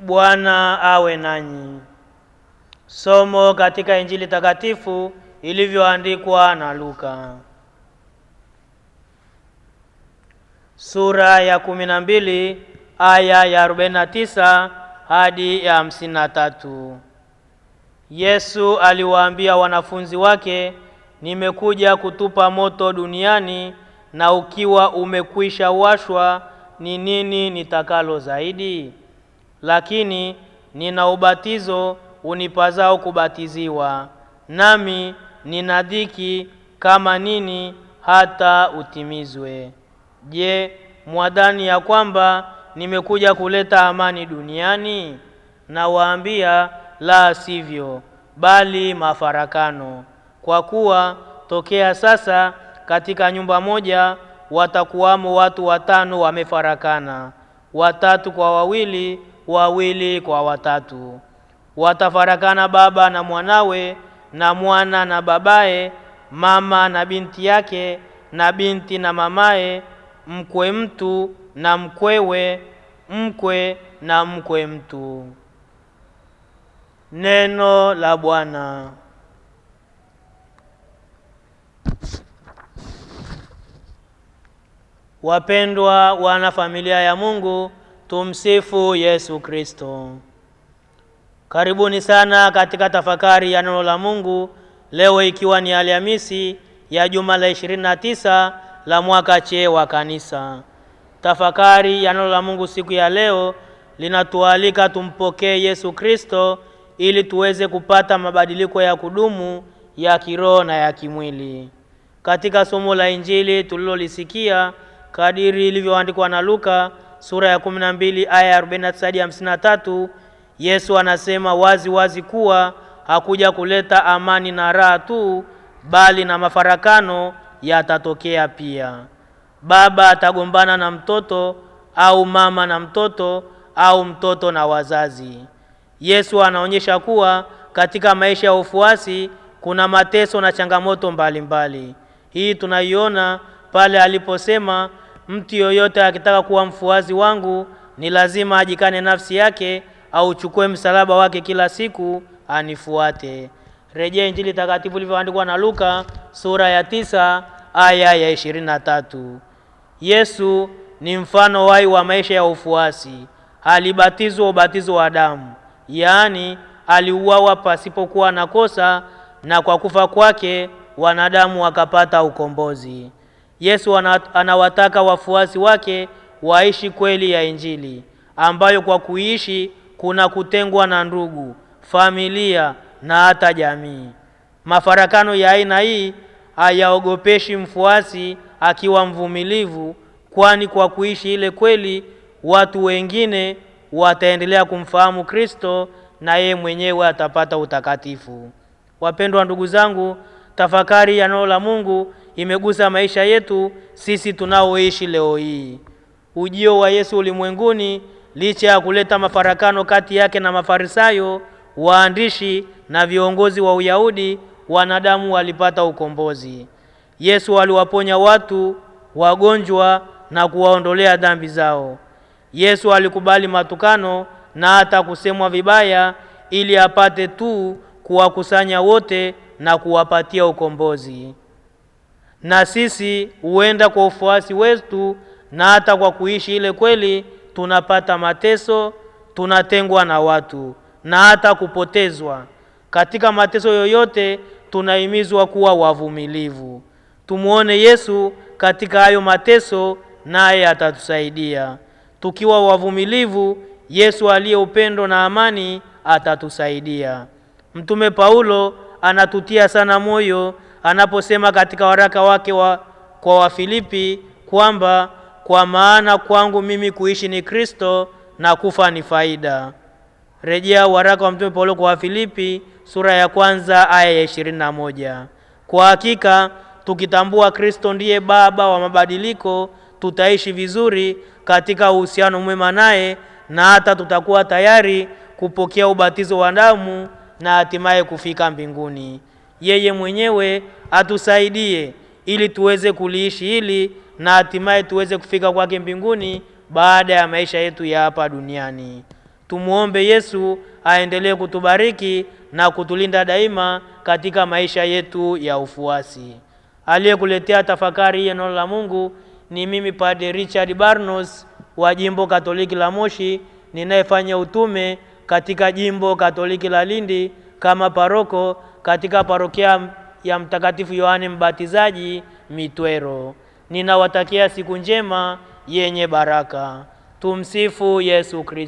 Bwana awe nanyi. Somo katika Injili takatifu ilivyoandikwa na Luka. Sura ya kumi na mbili aya ya arobaini na tisa hadi ya hamsini na tatu. Yesu aliwaambia wanafunzi wake, nimekuja kutupa moto duniani na ukiwa umekwisha washwa, ni nini nitakalo zaidi? lakini nina ubatizo unipazao kubatiziwa, nami nina dhiki kama nini hata utimizwe. Je, mwadhani ya kwamba nimekuja kuleta amani duniani? Nawaambia la sivyo, bali mafarakano. Kwa kuwa tokea sasa katika nyumba moja watakuwamo watu watano wamefarakana, watatu kwa wawili wawili kwa watatu, watafarakana baba na mwanawe na mwana na babaye, mama na binti yake na binti na mamaye, mkwe mtu na mkwewe, mkwe na mkwe mtu. Neno la Bwana. Wapendwa wana familia ya Mungu, Tumsifu Yesu Kristo. Karibuni sana katika tafakari ya neno la Mungu leo, ikiwa ni Alhamisi ya juma la 29 la mwaka C wa Kanisa. Tafakari ya neno la Mungu siku ya leo linatualika tumpokee Yesu Kristo ili tuweze kupata mabadiliko ya kudumu ya kiroho na ya kimwili. Katika somo la Injili tulilolisikia kadiri ilivyoandikwa na Luka sura ya 12 aya ya 49 hadi 53, Yesu anasema wazi wazi kuwa hakuja kuleta amani na raha tu, bali na mafarakano yatatokea pia. Baba atagombana na mtoto au mama na mtoto au mtoto na wazazi. Yesu anaonyesha kuwa katika maisha ya ufuasi kuna mateso na changamoto mbalimbali mbali. Hii tunaiona pale aliposema mtu yoyote akitaka kuwa mfuazi wangu ni lazima ajikane nafsi yake, auchukue msalaba wake kila siku anifuate. Rejea Injili takatifu ilivyoandikwa na Luka sura ya tisa aya ya ishirini na tatu. Yesu ni mfano wai wa maisha ya ufuasi. Alibatizwa ubatizo wa damu, yaani aliuawa pasipokuwa na kosa, na kwa kufa kwake wanadamu wakapata ukombozi. Yesu anawataka wafuasi wake waishi kweli ya Injili ambayo kwa kuishi kuna kutengwa na ndugu, familia na hata jamii. Mafarakano ya aina hii hayaogopeshi mfuasi akiwa mvumilivu, kwani kwa kuishi ile kweli watu wengine wataendelea kumfahamu Kristo na yeye mwenyewe atapata utakatifu. Wapendwa ndugu zangu, tafakari ya neno la Mungu imegusa maisha yetu sisi tunaoishi leo hii. Ujio wa Yesu ulimwenguni, licha ya kuleta mafarakano kati yake na Mafarisayo, waandishi na viongozi wa Uyahudi, wanadamu walipata ukombozi. Yesu aliwaponya watu wagonjwa na kuwaondolea dhambi zao. Yesu alikubali matukano na hata kusemwa vibaya ili apate tu kuwakusanya wote na kuwapatia ukombozi na sisi huenda kwa ufuasi wetu na hata kwa kuishi ile kweli, tunapata mateso, tunatengwa na watu na hata kupotezwa. Katika mateso yoyote, tunahimizwa kuwa wavumilivu. Tumuone Yesu katika hayo mateso, naye atatusaidia tukiwa wavumilivu. Yesu aliye upendo na amani atatusaidia. Mtume Paulo anatutia sana moyo anaposema katika waraka wake wa, kwa Wafilipi kwamba kwa maana kwangu mimi kuishi ni Kristo na kufa ni faida. Rejea waraka wa Mtume Paulo kwa Wafilipi sura ya kwanza aya ya ishirini na moja. Kwa hakika tukitambua Kristo ndiye Baba wa mabadiliko, tutaishi vizuri katika uhusiano mwema naye na hata tutakuwa tayari kupokea ubatizo wa damu na hatimaye kufika mbinguni yeye mwenyewe atusaidie ili tuweze kuliishi hili na hatimaye tuweze kufika kwake mbinguni baada ya maisha yetu ya hapa duniani. Tumuombe Yesu aendelee kutubariki na kutulinda daima katika maisha yetu ya ufuasi. Aliyekuletea tafakari ya neno la Mungu ni mimi Padre Richard Barnos wa Jimbo Katoliki la Moshi ninayefanya utume katika Jimbo Katoliki la Lindi kama paroko katika parokia ya Mtakatifu Yohane Mbatizaji Mitwero. Ninawatakia siku njema yenye baraka. Tumsifu Yesu Kristo.